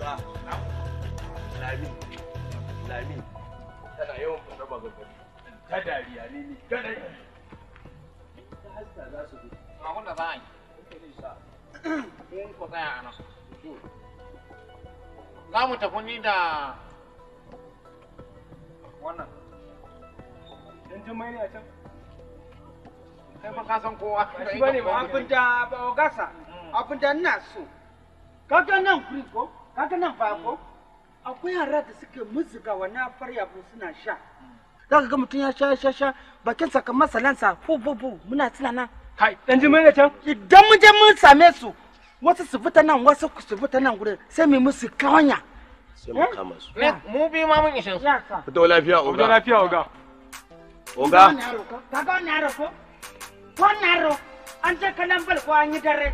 ga lami lami tana yawan ta dariya ne ni ta haska za su za a yi kun tsaya a nan za mu tafi ni da wannan dan ne a can kai fa ka san kowa shi bane ba ba gasa mm. ina so kaga nan kuri ko kaga nan ba akwai yara da suke muzuga wannan farya bu suna sha za ka ga mutum ya sha sha sha bakin sa kamar salansa fu fu fu muna tuna nan kai dan ji mai can idan mun je mun same su wasu su fita nan wasu su fita nan gure sai mu musu kawanya sai mu kama su mu bi ma mun ishin su fito lafiya oga fito lafiya oga oga kaga wannan yaro ko wannan yaro an je kalan bal ko an yi dare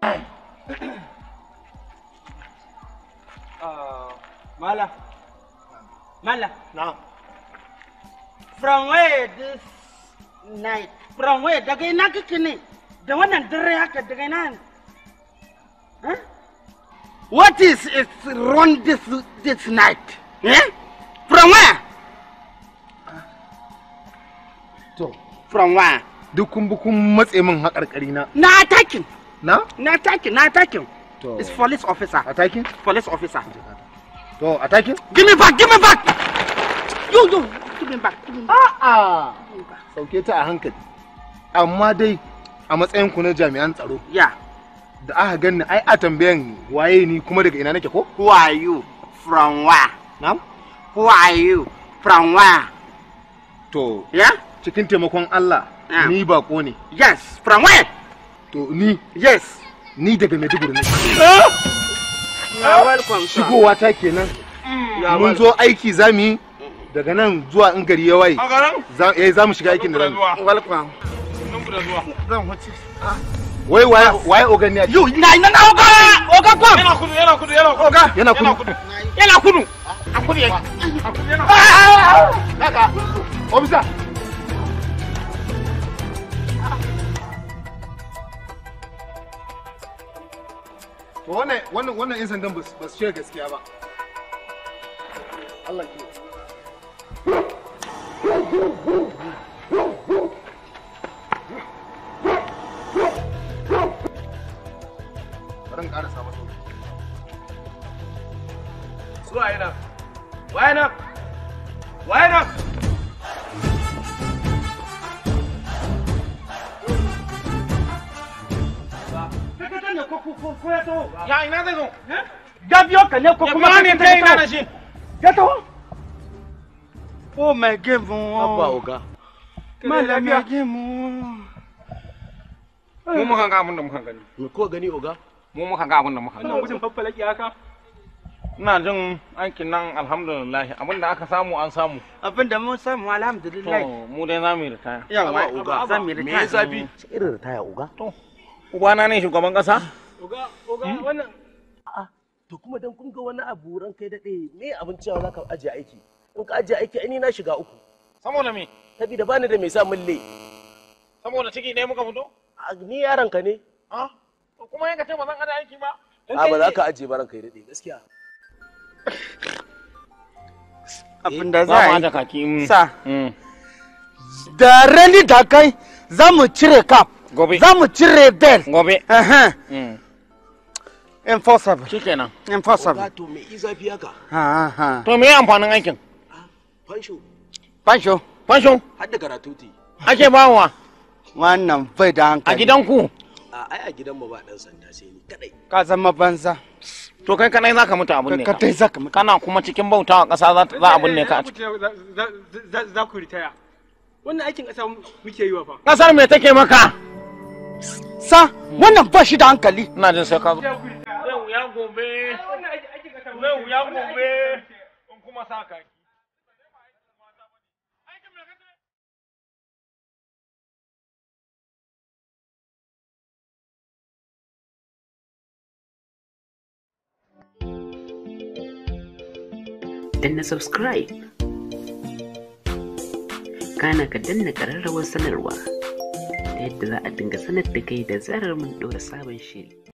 Ah, Mala. Mala. No. From where this night? From where? Daga ina kike ne? Da wannan dare haka daga ina ne? What is it run this this night? Eh? From where? To. From where? Duk kun matse min haƙarƙari na. Na attacking. na na takin na takin to it's police officer attacking police officer to attacking give me back give me back yo yo give me back sauke ta a hankali amma dai a matsayin ku na jami'an tsaro ya da aka ganni ai a tambayan waye ni kuma daga ina nake ko who are you from where na'am who are you from where to ya cikin taimakon Allah ni bako ne yes from where to ni yes ni daga maiduguri ne ah! ah! shigowa ta kenan mm. mun zo aiki za mu daga nan zuwa in gari ya waye eh, za mu shiga aikin da rami ah. wai waye ogan ne a na na oga oga kwam yana kudu yana kudu yana oga yana kudu yana kudu a kudu kudu yana kudu yana haka wannan wannan wannan yan sandan ba su ce gaskiya ba Allah ke Bari in ƙarasa masa Su waye nan? Waye ya ina ta ina oh, oh. oh. eh. gani ko gani oga gani jin aikin nan alhamdulillah abin aka samu an samu abin mun samu mu dai za mu yi ritaya yawa uga za mu yi ritaya me yasa bi irin ritaya uga to ubana ne shugaban kasa Oga, oga hmm? wannan. A'a, to kuma dan kun ga wani abu ran kai daɗe me abin cewa za ka ajiye aiki. In ka ajiye aiki ni na shiga uku. Saboda me? Saboda bani da me sa min le. Saboda ciki ne muka fito? Ni yaron ka ne. Ha? To kuma yanka ce ba zan ajiye aiki ba. A ba za ka ajiye ba ran kai daɗe gaskiya. Abin da eh, za a yi. Mm. Sa. Mm. Da rani da kai za mu cire kaf. Gobe. Za mu cire bel. Gobe. enforceable kenan enforceable to me izafi haka ha ha to me amfanin aikin ah, fansho fansho fansho hadda karatu ti ake ba wa wannan bai da hankali a gidan ku ai a gidan mu ba dan sanda sai ni kadai ka zama banza to kai kana zaka mutu abun ne ka kai zaka mutu kana kuma cikin bauta a kasa za za abun ne ka a eh, eh, eh, za ku ritaya wannan aikin kasa muke yi wa fa kasar me take maka sa wannan ba shi da hankali ina jin sai ka zo wuya gobe zai ya gobe in kuma sa kaki danna subscribe kana ka danna ƙararrawar sanarwa ta yadda za a dinga sanar da kai da zarar mun ɗora sabon shiri